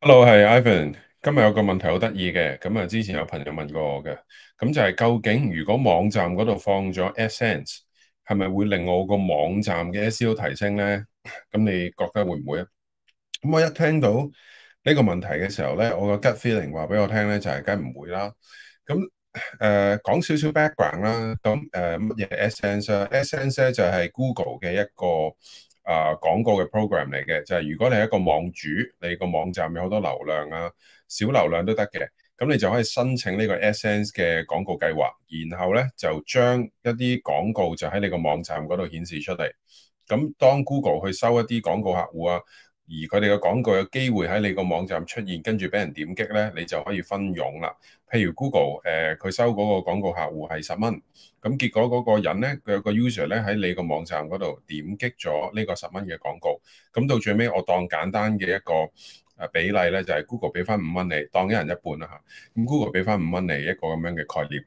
Hello，係 Ivan。今日有個問題好得意嘅，咁啊之前有朋友問過我嘅，咁就係究竟如果網站嗰度放咗 AdSense，係咪會令我個網站嘅 SEO 提升咧？咁你覺得會唔會啊？咁我一聽到呢個問題嘅時候咧，我個 gut feeling 話俾我聽咧，就係梗唔會啦。咁誒講少少 background 啦，咁誒乜嘢 AdSense 啊？AdSense 咧就係 Google 嘅一個。啊廣告嘅 program 嚟嘅，就係如果你係一個網主，你個網站有好多流量啊，少流量都得嘅，咁你就可以申請呢個 AdSense 嘅廣告計劃，然後咧就將一啲廣告就喺你個網站嗰度顯示出嚟，咁當 Google 去收一啲廣告客戶啊。而佢哋嘅廣告有機會喺你個網站出現，跟住俾人點擊呢，你就可以分傭啦。譬如 Google，誒、呃、佢收嗰個廣告客戶係十蚊，咁結果嗰個人呢，佢有個 user 呢，喺你個網站嗰度點擊咗呢個十蚊嘅廣告，咁到最尾我當簡單嘅一個誒比例呢，就係、是、Google 俾翻五蚊你，當一人一半啦嚇。咁 Google 俾翻五蚊你一個咁樣嘅概念。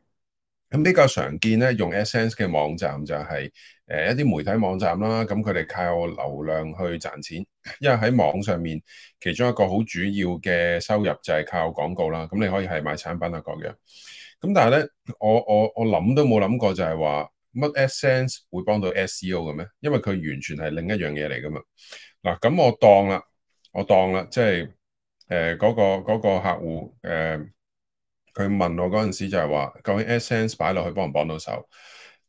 咁比較常見咧，用 AdSense 嘅網站就係、是、誒、呃、一啲媒體網站啦，咁佢哋靠流量去賺錢，因為喺網上面，其中一個好主要嘅收入就係靠廣告啦。咁你可以係賣產品啊，各樣。咁但係咧，我我我諗都冇諗過就，就係話乜 AdSense 會幫到 SEO 嘅咩？因為佢完全係另一樣嘢嚟㗎嘛。嗱，咁我當啦，我當啦，即係誒嗰個客戶誒。呃。佢問我嗰陣時就係話，究竟 essence 擺落去幫唔幫到手，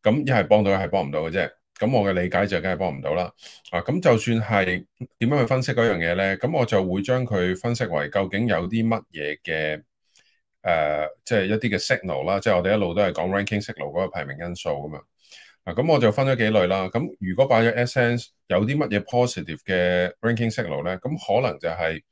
咁一係幫到，一係幫唔到嘅啫。咁我嘅理解就梗係幫唔到啦。啊，咁就算係點樣去分析嗰樣嘢咧，咁我就會將佢分析為究竟有啲乜嘢嘅誒，即係一啲嘅 signal 啦，即係我哋一路都係講 ranking signal 嗰個排名因素咁啊。咁我就分咗幾類啦。咁如果擺咗 essence 有啲乜嘢 positive 嘅 ranking signal 咧，咁可能就係。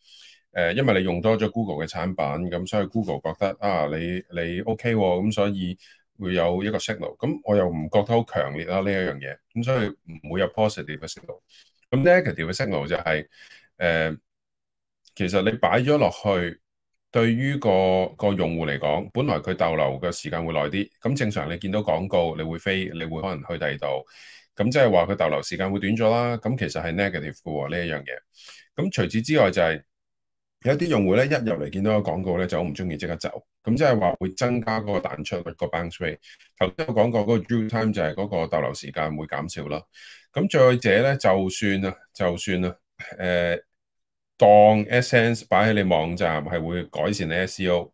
誒，因為你用多咗 Google 嘅產品，咁所以 Google 覺得啊，你你 OK 喎、啊，咁所以會有一個 signal。咁我又唔覺得好強烈啦、啊，呢一樣嘢，咁所以唔會有 positive 嘅 signal。咁 negative 嘅 signal 就係、是、誒、呃，其實你擺咗落去，對於個個用戶嚟講，本來佢逗留嘅時間會耐啲。咁正常你見到廣告，你會飛，你會可能去第二度。咁即係話佢逗留時間會短咗啦。咁其實係 negative 嘅呢、啊、一樣嘢。咁除此之外就係、是。有呢一啲用戶咧，一入嚟見到個廣告咧，就好唔中意即刻走，咁即係話會增加嗰個彈出、那個 bounce rate。頭先我講過嗰個 view time 就係嗰個逗留時間會減少啦。咁再者咧，就算啦，就算啦，誒、欸、當 SNS 擺喺你網站係會改善你 SEO。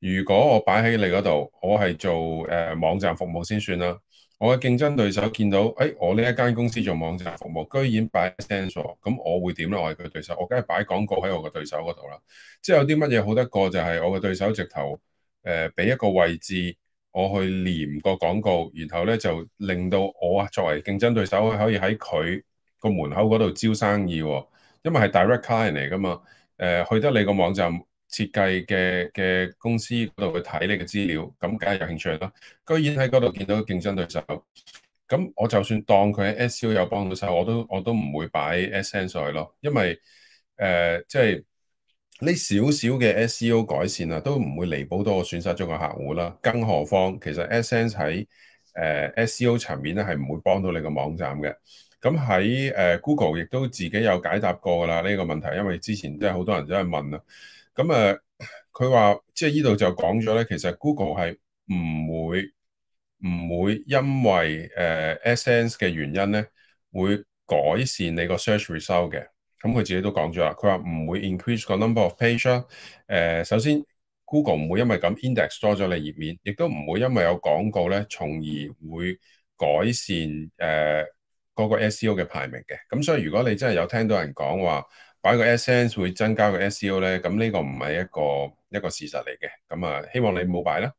如果我擺喺你嗰度，我係做誒、呃、網站服務先算啦。我嘅競爭對手見到，誒、哎，我呢一間公司做網站服務，居然擺 sponsor，咁我會點咧？我係佢對手，我梗係擺廣告喺我嘅對手嗰度啦。即係有啲乜嘢好得過，就係、是、我嘅對手直頭誒俾、呃、一個位置我去連個廣告，然後咧就令到我啊作為競爭對手可以喺佢個門口嗰度招生意，哦，因為係 direct client 嚟噶嘛，誒、呃、去得你個網站。設計嘅嘅公司度去睇你嘅資料，咁梗係有興趣啦。居然喺嗰度見到競爭對手，咁我就算當佢喺 SEO 有幫到手，我都我都唔會擺 AdSense 上去咯。因為誒，即係呢少少嘅 SEO 改善啊，都唔會彌補到我損失咗嘅客戶啦。更何況，其實 AdSense 喺誒 SEO 層面咧，係唔會幫到你個網站嘅。咁喺誒 Google 亦都自己有解答過啦呢、這個問題，因為之前真係好多人都係問啊。咁誒，佢話、嗯、即係依度就講咗咧，其實 Google 係唔會唔會因為誒 AdSense 嘅原因咧，會改善你個 search result 嘅。咁、嗯、佢自己都講咗啦，佢話唔會 increase 個 number of pages、呃。誒，首先 Google 唔會因為咁 index 多咗你頁面，亦都唔會因為有廣告咧，從而會改善誒、呃嗰個個 SEO 嘅排名嘅。咁、嗯、所以如果你真係有聽到人講話，買個 AdSense 會增加個 SEO 咧，咁呢個唔係一個，SEO，這這個，一，個一個事實嚟嘅，咁啊希望你冇買啦。